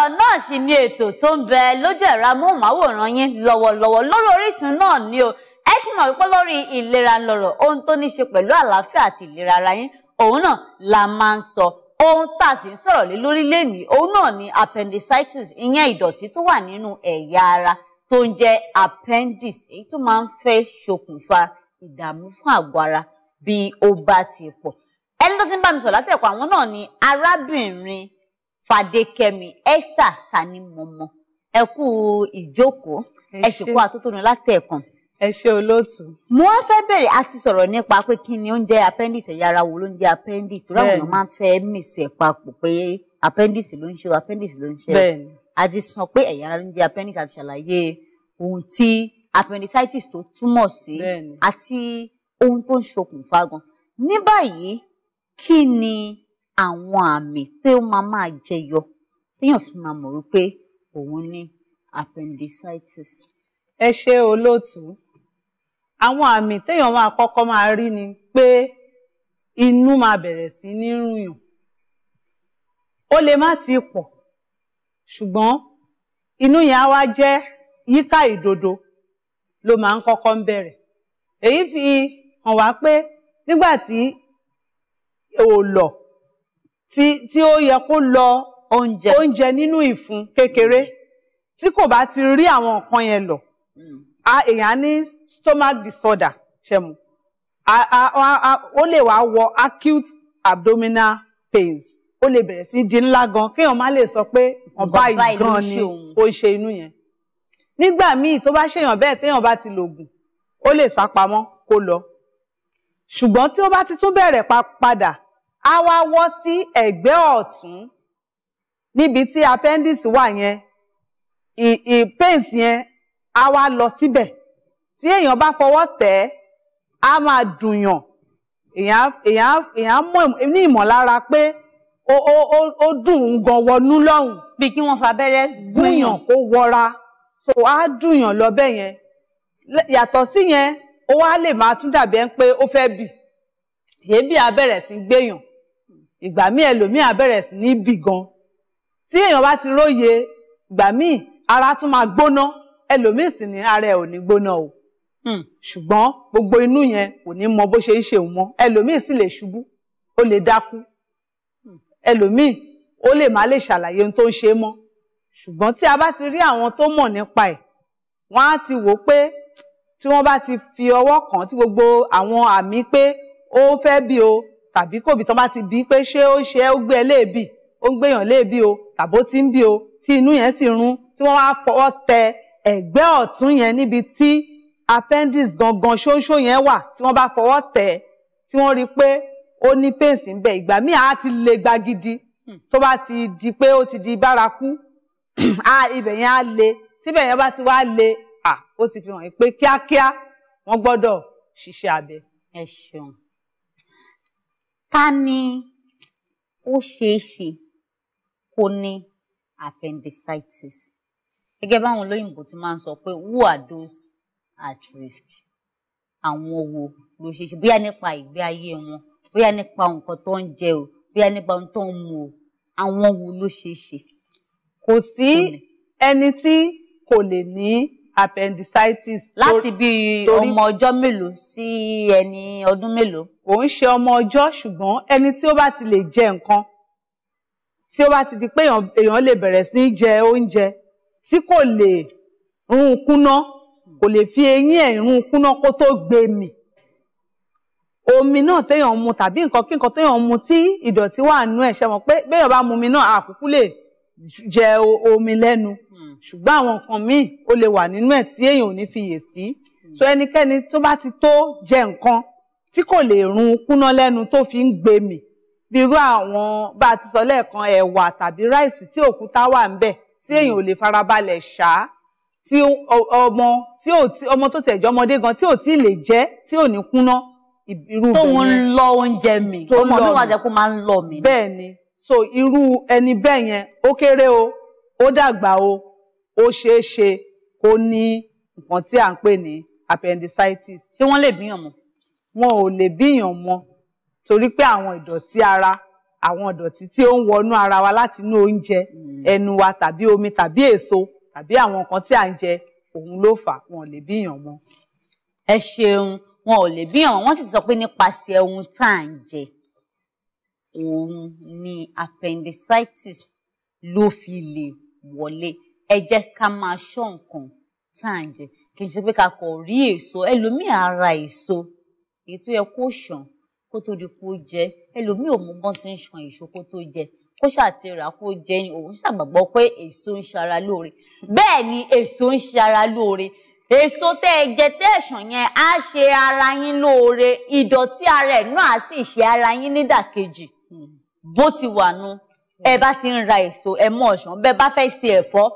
ọ̀rọ̀ náà sì ni ètò tó ń bẹ lójú ẹ̀rọ amóhùnmáwòrán yín lọ́wọ́lọ́wọ́ lórí Orísun náà ni o ẹ ti mọ̀ wípé lórí ìlera lọ̀rọ̀ ohun tó ní ṣe pẹ̀lú àlàáfíà àti ìlera ara yín òun náà la máa ń sọ ohun tá a sì ń sọ̀rọ̀ lé lórí lénìí òun náà ni appendicitis ìyẹn ìdọ̀tí tó wà nínú ẹ̀yà ara tó ń jẹ́ appendix èyí tó máa ń fẹ́ ṣokùnfà ìdààmú fún àgọ́ ara bí ó bá ti pọ̀ ẹni tó ti ń bá mi sọ̀rọ̀ látẹ̀kọ̀ àwọn náà ni arábìnrin Fadékẹ́mi Esther Tanimọ̀mọ́ ẹ kú ìjókòó ẹ sì kú àtótónu látẹ̀ẹ̀kan. ẹ ṣe olóòtú. mo wá fẹ́ bẹ̀rẹ̀ a ti sọ̀rọ̀ nípa pé kí ni oúnjẹ appendix ẹ̀yà ara wo ló ń jẹ́ appendix torí àwọn èèyàn máa ń fẹ́ mìsì ẹ̀ papọ̀ pé appendix ló ń ṣe appendix ló ń ṣe. bẹ́ẹ̀ni. a ti sọ pé ẹ̀yà ara ló ń jẹ́ appendix ṣàlàyé ohun tí appendicitis tó túmọ̀ sí àti ohun tó ń ṣokùnfà gan. ní báyìí kí ni àwọn àmì tí ó máa máa jẹyọ téèyàn fi máa mọ̀ wípé òun ní appendicitis. ẹ ṣe olóòtú àwọn àmì téèyàn máa kọ́kọ́ máa rí ni pé inú máa bẹ̀rẹ̀ sí ní rùnyàn ó lè má ti pọ̀ ṣùgbọ́n inú yẹn á wá jẹ́ yíká ìdodo ló máa ń kọ́kọ́ ń bẹ̀rẹ̀ èyí fi hàn wá pé nígbà tí ò lọ tí tí ó yẹ kó lọ oúnjẹ oúnjẹ nínú ìfun kékeré tí kò bá ti rí àwọn nǹkan yẹn lọ a èèyàn ní stomach disorder a ó lè wá wọ acute abdominal pains ó lè bẹ̀rẹ̀ sí di ńlá gan kéèyàn má lè sọ pé ọba ìgan ni ó ṣe inú yẹn nígbà míì tó bá ṣèyàn bẹ́ẹ̀ téèyàn bá ti lògùn ó lè sápamọ́ kó lọ ṣùgbọ́n tí ó bá ti tún bẹ̀rẹ̀ padà á wá wọ́ sí ẹ̀gbẹ́ ọ̀tún níbi tí appendix wà yẹn pains yẹn á wá lọ síbẹ̀ tí èèyàn bá fọwọ́ tẹ̀ ẹ́ á máa dùnyàn èèyàn èèyàn èèyàn mọ̀ ní ìmọ̀lára pé ó ó ó dùn ún gan wọnú lọ́hùn. bí kí wọ́n fa abẹ́rẹ́ kó wọra so á dùnyàn lọ bẹ́ẹ̀ yẹn yàtọ̀ sí yẹn ó wá lè máa tún dàbí ẹ́ pé ó fẹ́ bì èébì á sí gbéyàn ìgbà míì ẹlòmíì á bẹ̀rẹ̀ sí ní bì gan tí èèyàn bá ti róye ìgbà míì ara tún máa gbóná ẹlòmíì sì ní ara ẹ̀ ò ní gbóná o hmm. ṣùgbọ́n gbogbo inú yẹn kò ní mọ bó ṣe ń ṣe òun mọ́ ẹlòmíì sì lè ṣubú ó lè dákú hmm. ẹlòmíì ó lè má lè ṣàlàyé ohun tó ń ṣe mọ́ ṣùgbọ́n tí a bá ti rí àwọn tó mọ̀ nípa ẹ̀ wọ́n á ti wò ó pé tí wọ́n bá ti fi ọwọ́ kàn tí gbogbo àwọn àmì pé ó fẹ́ bí o tàbí kòbí tó bá ti bí pé ṣé ó ṣe ó gbé léèbì ó ń gbéyàn léèbì o tàbó ti ń bí o tí inú yẹn sì rún tí wọ́n wá fọwọ́ tẹ ẹ̀gbẹ́ ọ̀tún yẹn níbi tí appendix gangan ṣóńṣó yẹn wà tí wọ́n bá fọwọ́ tẹ tí wọ́n rí i pé ó ní pains ń bẹ ìgbà míì á ti le gbagidi hmm. tó bá ti di pé ó ti di bárakú á ibẹ̀ yẹn á le tíbẹ̀ yẹn bá ti wá le à ó ti fi hàn pé kíákíá wọ́n gbọ́dọ̀ ṣiṣẹ́ abẹ. ẹ ṣeun ká ní ó ṣeé ṣe kó ní appendicitis gẹ́gẹ́ báwọn olóyìnbó ti máa ń sọ pé who are those at risk àwọn wo ló ṣeé ṣe bóyá nípa ìgbé ayé wọn bóyá nípa nǹkan tó ń jẹ o bóyá nípa ohun tó ń mu o àwọn wo ló ṣeé ṣe. kò sí ẹni tí kò lè ní appendicitis. láti bí ọmọ ọjọ́ mélòó sí ẹni ọdún mélòó. kò ń ṣe ọmọ ọjọ́ ṣùgbọ́n ẹni tí ó bá ti lè jẹ nǹkan tí ó bá ti di pé èèyàn lè bẹ̀rẹ̀ sí í jẹ oúnjẹ tí kò lè rún kúná kò lè fi eyín ẹ̀ rún kúná kó tó gbé mì omi náà téèyàn mu tàbí nǹkan kí nǹkan téèyàn mu tí ìdọ̀tí wà nú ẹ̀ ṣe mọ̀ pé béèyàn bá mu omi náà àkúkú lè jẹ omi lẹ́nu. Hmm ṣùgbọ́n àwọn nǹkan míì ó lè wà nínú ẹ̀ tí èèyàn ò ní fi yè sí so ẹnikẹ́ni tó bá ti tó jẹ nǹkan tí kò lè run kúná lẹ́nu tó fi ń gbé mì bírú àwọn bá a ti sọ lẹ́ẹ̀kan ẹ̀wà tàbí ráìsì tí òkúta wà ń bẹ̀ tí hmm. èèyàn ò lè farabalẹ̀ ṣáá tí ọmọ tí ò tí ọmọ tó tẹ̀jọ́ ọmọdé gan tí ò tí lè jẹ́ tí ò ní kúná irú bẹ́ẹ̀ tóun ń lọ oúnjẹ mi ọmọ mi wà jẹ́ kó máa ń lọ mi. bẹ́ẹ̀ ni so irú ẹni bẹ́ẹ̀ yẹn ó kéré o ó dàgbà o ó ṣeé ṣe kó ní nǹkan tí à ń pè ní appendicitis ṣé wọ́n lè bíyàn mọ́ wọn ò lè bíyàn mọ́ torí pé àwọn ìdọ̀tí ara àwọn ìdọ̀tí tí ó ń wọnú ara wa láti inú oúnjẹ hmm. ẹnu wa tàbí omi tàbí èso tàbí àwọn nǹkan tí à ń jẹ òun ló fà wọn ò lè bíyàn mọ́. ẹ ṣeun wọn ò lè bíyàn wọn sì sọ pé nípasẹ̀ ohun tá à ń jẹ òun ni appendicitis ló fi lè wọlé ẹ jẹ́ ká máa ṣọ́ nǹkan tá à ń jẹ kì í ṣe pé ká kọ̀ rí èso ẹlòmíì ara èso èyí tó yẹ kó ṣàn kó tó di kó jẹ ẹlòmíì ò mọ bọ́n ti ń ṣàn èso kó tó jẹ kó ṣàti rà kó jẹ ni òun ṣàgbàgbọ́ pé èso ń ṣara lóore bẹ́ẹ̀ ni èso ń ṣara lóore èso tẹ́ ẹ jẹ tẹ́ yẹn á ṣe ara yín lóore ìdọ̀tí ara ẹ̀ náà á sì ṣe ara yín nídàkejì bó ti wà nu ẹ bá ti ń ra èso ẹ mọ̀ ọ̀ṣàn bẹ́ẹ̀ bá fẹ́ ṣe ẹ̀fọ́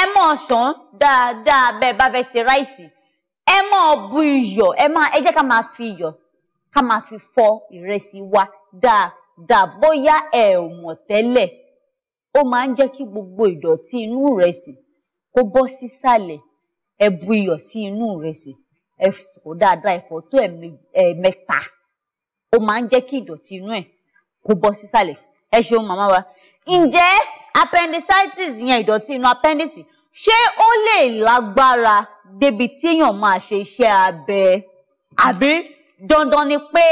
ẹ mọ̀ ṣàn dáadáa bẹ́ẹ̀ bá fẹ́ ṣe ráìsì ẹ mọ̀ bu iyọ̀ ẹ máa ẹ jẹ́ ká máa fi iyọ̀ ká máa fi fọ ìrẹsì wa dáadáa bóyá ẹ ò mọ̀ tẹ́lẹ̀ ó máa ń jẹ́ kí gbogbo ìdọ̀tí inú ìrẹsì kó bọ́ sísàlẹ̀ ẹ bu iyọ̀ sí inú ìrẹsì ẹ fọ dáadáa ẹ fọ tó ẹ̀ẹ̀mẹ́ta ó máa ń jẹ́ kí ìdọ̀tí inú ẹ̀ kó bọ́ sísàlẹ̀ ẹ ṣeun màmá wa ǹjẹ́. appendicitis yẹn ìdọ̀tí inú appendix ṣé ó lè lágbára débi tí èèyàn máa ṣe iṣẹ́ abẹ àbí dandan ni pé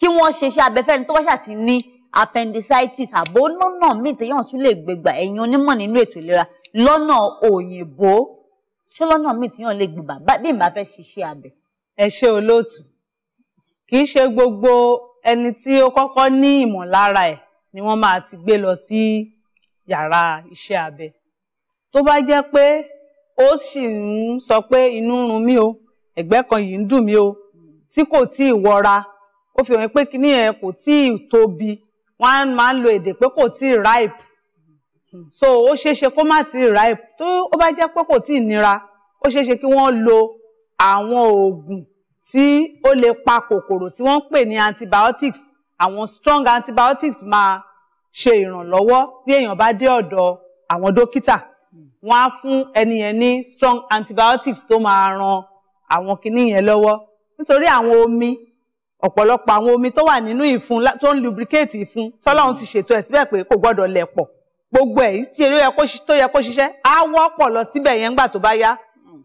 kí wọ́n ṣe iṣẹ́ abẹ fẹ́ni tó bá ṣàti ní appendicitis àbó lọ́nà míì téèyàn tún lè gbégbà ẹ̀yin onímọ̀ nínú ètò ìlera lọ́nà òyìnbó ṣé lọ́nà míì téèyàn lè gbégbà bí màá fẹ́ ṣiṣẹ́ abẹ. ẹ ṣe olóòtú kì í ṣe gbogbo ẹni tí ó kọ́kọ́ ní ìmọ̀lára ẹ̀ ni wọ́n máa ti gbé lọ sí yàrá iṣẹ́ abẹ tó bá jẹ́ pé ó sì ń sọ pé inú ń run mí o ẹ̀gbẹ́ kan yìí ń dùn mí o tí kò tí ì wọra ó fi hàn pé kíní yẹn kò tí ì tóbi wọ́n máa ń lo èdè pé kò tí ì ripe so ó ṣeéṣe kó má tí ì ripe tó ó bá jẹ́ pé kò tí ì nira ó ṣeéṣe kí wọ́n lo àwọn oògùn tí ó lè pa kòkòrò tí wọ́n ń pè ní antibiotics àwọn strong antibiotics máa ṣe ìrànlọ́wọ́ bí èèyàn bá dé ọ̀dọ̀ àwọn dókítà wọ́n á fún ẹni yẹn ní strong antibiotics tó máa ran àwọn kinní yẹn lọ́wọ́ nítorí àwọn omi ọ̀pọ̀lọpọ̀ àwọn omi tó wà nínú ìfun tó ń lubricate ìfun tọ́lọ́run ti ṣètò ẹ̀ síbẹ̀ pé kò gbọ́dọ̀ lẹ̀ pọ̀ gbogbo ẹ̀ tí èyí tó yẹ kó ṣiṣẹ́ á wọ́pọ̀ lọ síbẹ̀ yẹn ńgbà tó bá yá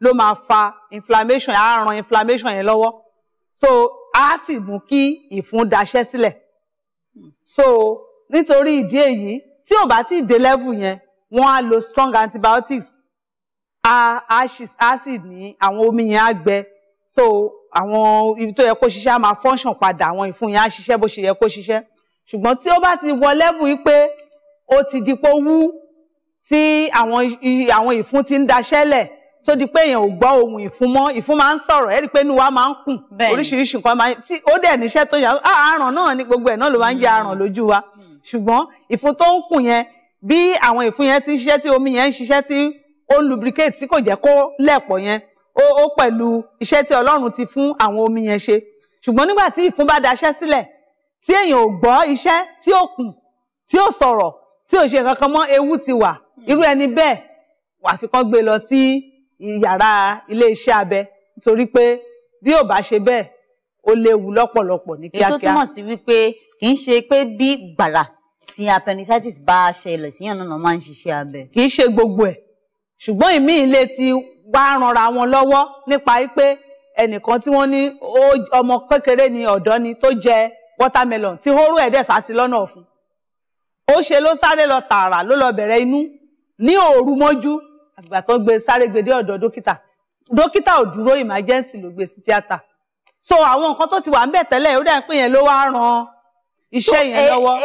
ló máa fa inflammation á ran inflammation yẹn lọ́wọ́ so á sì mú kí ìfun daṣẹ́ sílẹ̀ so nítorí ìdí èyí tí ò bá ti dé level yẹn wọ́n á lo strong antibiotics acid ní àwọn omi yẹn á gbẹ so àwọn ibi tó yẹ kó ṣiṣẹ́ á máa function padà àwọn ìfun yẹn á ṣiṣẹ́ bó ṣe yẹ kó ṣiṣẹ́ ṣùgbọ́n tí ó bá ti wọ level yìí pé ó ti di pé wú tí àwọn ìfun ti ń daṣẹ́lẹ̀ tó di pé èèyàn ò gbọ́ ohun ìfun mọ́ ìfun máa ń sọ̀rọ̀ ẹ̀rí pé inú wa máa ń kùn oríṣiríṣi nǹkan máa ń tí ó dẹ̀ níṣẹ́ tó yà á àrùn náà ní gbogbo ẹ̀ náà ló máa ń jẹ́ àrùn lójú wa. Mm ṣùgbọ́n ìfun tó ń kùn yẹn bí àwọn ìfun yẹn ti ń ṣiṣẹ́ tí omi yẹn ń ṣiṣẹ́ tí ó lubricate tí kò jẹ́ kó lẹ̀pọ̀ yẹn ó pẹ̀lú iṣẹ́ tí Ọlọ́run ti fún àwọn omi yẹn ṣe ṣùgbọ́n nígbà tí ìfun bá daṣẹ́ sílẹ̀ tí èèyàn ò gbọ́ iṣẹ́ tí ó kùn tí ó sọ̀rọ̀ tí ò ṣe nǹkan kan mọ́ ewu ti wà irú ẹni bẹ́ẹ̀ wàá fi kán gbé lọ sí yàrá ilé iṣẹ́ abẹ nítorí pé bí ò bá ṣe bẹ́ẹ̀ ó léwu lọ́pọ̀lọpọ̀ ní kíákíá. èyí tó túmọ̀ sí wípé kì í ṣe pé bí gbàrà tí appendicitis bá ṣẹlẹ̀ síyàn náà máa ń ṣiṣẹ́ abẹ. kì í ṣe gbogbo ẹ̀ ṣùgbọ́n ìmí ilé ti wá ranra wọn lọ́wọ́ nípa pé ẹnìkan tí wọ́n ní ọmọ kékeré ni ọ̀dọ́ ni tó jẹ watermelon tí hóró ẹ̀ dẹ̀ sá sí lọ́nà ọ̀fun ó ṣe ló sáré lọ tààrà ló lọ bẹ̀rẹ̀ inú ní òru mọ́jú àgbà tó gbé sáré gbé dé ọ̀dọ̀ dókítà dókítà ò dúró emergency ló gbé sí tíátà so àwọn nǹkan tó ti wà ń bẹ̀ tẹ́lẹ̀ ó dà ń pè yẹn ló wá ran iṣẹ́ yẹn lọ́wọ́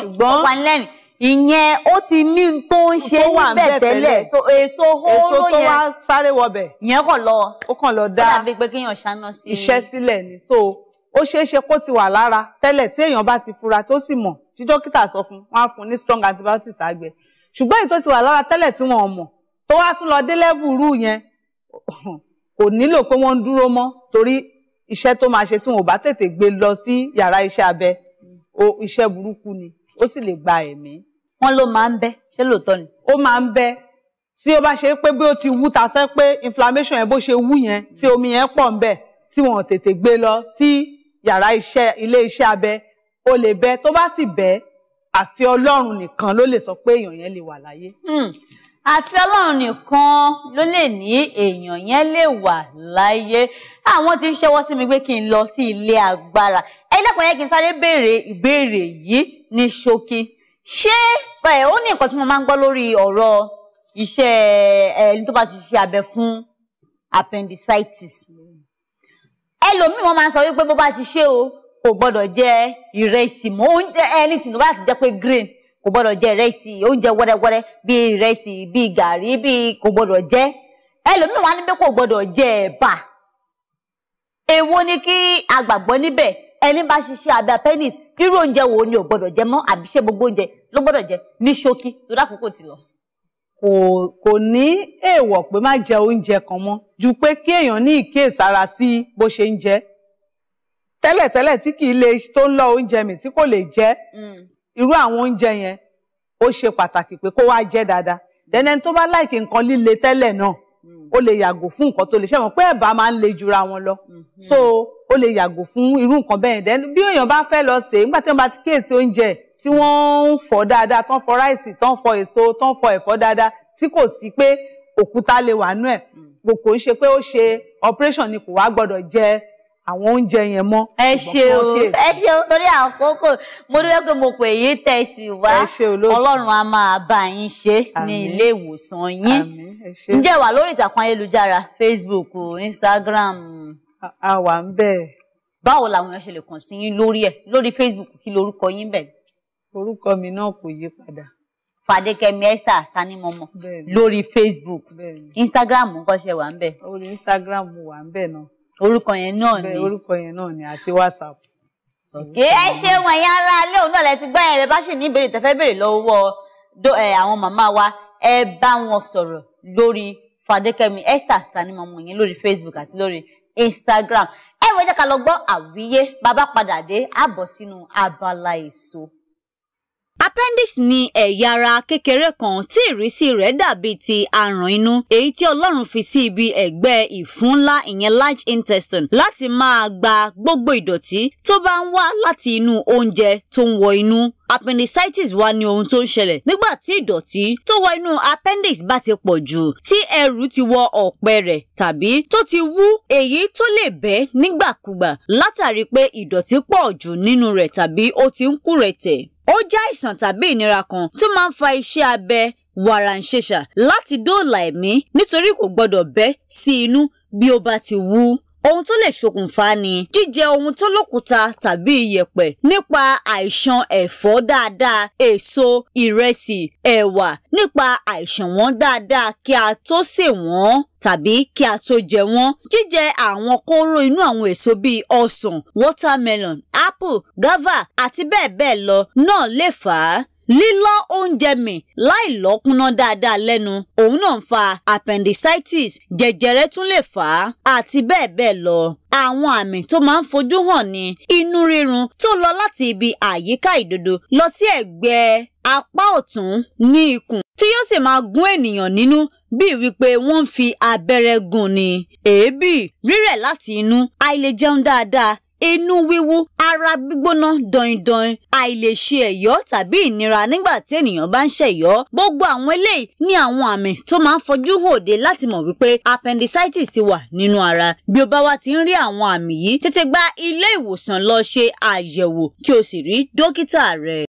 ṣùgbọ́n ìyẹn ó ti ní tó ń ṣe níbẹ̀ tẹ́lẹ̀ èso hóró yẹn èso tó wá sáré wọbẹ̀ yẹn kàn lọ ó kàn lọ dá iṣẹ́ sílẹ̀ ni so ó ṣeé ṣe kó ti wà lára tẹ́lẹ̀ tí èèyàn bá ti fura tó sì mọ̀ tí dókítà sọ fún wọn á fún ní strong antibiotics àgbẹ̀ ṣùgbọ́n èyí tó ti wà lára tẹ́lẹ̀ tí wọn ò mọ̀ tó wá tún lọ dé level rú yẹn kò nílò pé wọ́n dúró mọ́ torí iṣẹ́ tó máa ṣe tí wọn ò bá tètè gbé lọ sí yàrá iṣẹ́ abẹ o iṣẹ́ burúkú ni ó sì lè gba ẹ̀mí. wọ́n ló máa ń bẹ́ ṣé lóòótọ́ ni. ó máa ń bẹ́ tí ó bá ṣe pé bí ó ti wú ta sọ pé inflammation yẹn bó ṣe wú yẹn tí omi yẹn pọ̀ ń bẹ̀ tí wọn ò tètè gbé lọ sí yàrá iṣẹ́ ilé iṣẹ́ abẹ ó lè bẹ́ tó bá sì bẹ́ àfi Ọlọ́run nìkan ló lè sọ pé èèyàn yẹn lè wà láyé. Hmm. àfi Ọlọ́run nìkan ló lè ní èèyàn yẹn lè wà láyé àwọn ah, ti ń ṣẹ́wọ́ sí mi pé kí n lọ sí ilé agbára ẹlẹ́kùn yẹn kí n sáré béèrè ìbéèrè yìí ní ṣókí ṣé ẹ ó ní nǹkan tí mo máa ń gbọ́ lórí ọ̀rọ̀ iṣẹ́ ẹni tó bá ti ṣe abẹ fún appendicitis ẹlòmíì wọn máa ń sọ wípé bó bá ti ṣe o kò gbọ́dọ̀ jẹ ìrẹsì mọ́ oúnjẹ ẹni tí ló bá ti jẹ pé green kò gbọ́dọ̀ jẹ ìrẹsì oúnjẹ wẹ́rẹ́wẹ́rẹ́ bíi ìrẹsì bíi gàrí bíi kò gbọ́dọ̀ jẹ ẹlòmíì wọn á ní pé kò gbọ́dọ̀ jẹ ẹ̀bà èwo ni kí agbàgbọ́ níbẹ̀ ẹni bá ṣiṣẹ́ abẹ́ penis irú oúnjẹ wo ni ò gbọ́dọ̀ jẹ mọ́ àbí ṣé gbogbo oúnjẹ ló gbọ́dọ̀ jẹ ní ṣókí tó dákòókò ti lọ. kò kò ní èèwọ̀ pé má jẹ oúnjẹ kan mọ́ ju pé kí èèyàn ní ìkíyèsára sí bó ṣe ń jẹ tẹ́lẹ̀tẹ́lẹ̀ tí kì í lè tó ń lọ oúnjẹ mi tí kò lè jẹ hmm. irú àwọn oúnjẹ yẹn ó ṣe pàtàkì pé kó wá jẹ dáadáa dẹ́nẹ́ni tó bá láìkí nǹkan líle tẹ́lẹ̀ náà ó lè yàgò fún nǹkan tó lè ṣe wọn pé ẹ̀bà máa ń le jura wọn lọ mm-hmm. so ó lè yàgò fún irú nǹkan bẹ́ẹ̀ dẹ́n bí èèyàn bá fẹ́ lọ sè é nígbà tí wọ́n bá ti kíyèsí oúnjẹ tí wọ́n ń fọ̀ dáadáa tán fọ̀ ráìsì tán fọ̀ èso tán fọ̀ ẹ̀fọ́ dáadáa tí kò sí pé òkúta lè wà nú ẹ̀ mm. kò kò ń ṣe pé ó ṣe operation ni kò wá gbọ́dọ̀ jẹ àwọn oúnjẹ yẹn mọ́. ẹ ṣeun ẹ ṣeun torí àkókò mo dúró pé mo pè yín tẹ̀sí wá ọlọ́run á máa bá yín ṣe ní ilé ìwòsàn yín ǹjẹ́ wà lórí ìtàkùn ayélujára Facebook Instagram. a wà ń bẹ̀. báwo làwọn èèyàn ṣe lè kàn sí yín lórí ẹ lórí Facebook kí lorúkọ yín bẹ̀. orúkọ mi náà kò yí padà. Fàdékẹ́mi Esther Tanimọmọ lórí Facebook Instagram nǹkan ṣe wà ń bẹ̀. orí Instagram wà ń bẹ̀ náà orúkọ yẹn náà ni orúkọ yẹn náà ni àti whatsapp. òkè ẹ ṣe wọn ẹ̀yin ará ilé òun náà lẹ ti gbọ́ ẹ bá ṣì ní ìbéèrè tẹ́fẹ́ béèrè lọ́wọ́ àwọn màmá wa ẹ bá wọn sọ̀rọ̀ lórí Fadékẹ́mi Esther tani mọmọ yẹn lórí Facebook àti lórí Instagram ẹ wọ jẹ́ ká lọ gbọ́ àwíyé bàbá padà dé àbọ̀ sínú abala èso appendix ni ẹ̀yà ara kékeré kan tí ìrísí rẹ̀ dàbí ti aràn inú èyí tí Ọlọ́run fi sí ibi ẹ̀gbẹ́ ìfun ńlá ìyẹn large intestine láti máa gba gbogbo ìdọ̀tí tó bá ń wá láti inú oúnjẹ tó ń wọ inú appendicitis wá ní ohun tó ń ṣẹlẹ̀ nígbà tí ìdọ̀tí tó wọ inú appendix bá ti pọ̀ jù tí ẹrù ti wọ ọ̀pẹ rẹ̀ tàbí tó ti wú èyí tó lè bẹ́ nígbàkúgbà látàrí pé ìdọ̀tí pọ̀ jù nínú rẹ̀ tàbí ó ti ń kú rẹ̀ tẹ̀. ó jẹ́ àìsàn tàbí ìnira kan tó máa ń fa iṣẹ́ abẹ wàràǹṣeṣà láti dóòlà ẹ̀mí nítorí kò gbọdọ̀ bẹ́ sí inú bí ó bá ti wú ohun tó lè ṣokùnfà ni jíjẹ ohun tó lókúta tàbí iyẹ̀pẹ̀ nípa àìsàn ẹ̀fọ́ dáadáa èso ìrẹsì ẹ̀wà nípa àìsàn wọn dáadáa kí a tó sè wọ́n tàbí kí a tó jẹ wọ́n. jíjẹ àwọn kóró inú àwọn èso bíi ọsàn watermelon apple guava àti bẹ́ẹ̀ bẹ́ẹ̀ lọ náà lè fà á lílọ́ oúnjẹ mì láì lọ́kúnná dáadáa lẹ́nu òun náà ń fa appendicitis jẹjẹrẹ tún lè fà á àti bẹ́ẹ̀ bẹ́ẹ̀ lọ àwọn àmì tó máa ń fojú hàn ní inú rírun tó lọ láti ibi àyíká ìdodo lọ sí ẹ̀gbẹ́ apá ọ̀tún ní ikùn tí yóò sì máa gún ènìyàn nínú bíi wípé wọ́n ń fi abẹ́rẹ́ gún ni èébì rírẹ̀ láti inú àìlè jẹun dáadáa inú wíwú ara gbígbóná dọ̀ìndọ̀ìn àìlèṣe ẹ̀yọ́ tàbí ìnira nígbà tí ènìyàn bá ń ṣẹ̀yọ́ gbogbo àwọn eléyìí ní àwọn àmì tó máa ń fojú hòde láti mọ̀ wípé appendicitis ti wà nínú ara bí o bá wá ti ń rí àwọn àmì yìí tètè gba ilé ìwòsàn lọ ṣe àyẹ̀wò kí o sì rí dókítà rẹ.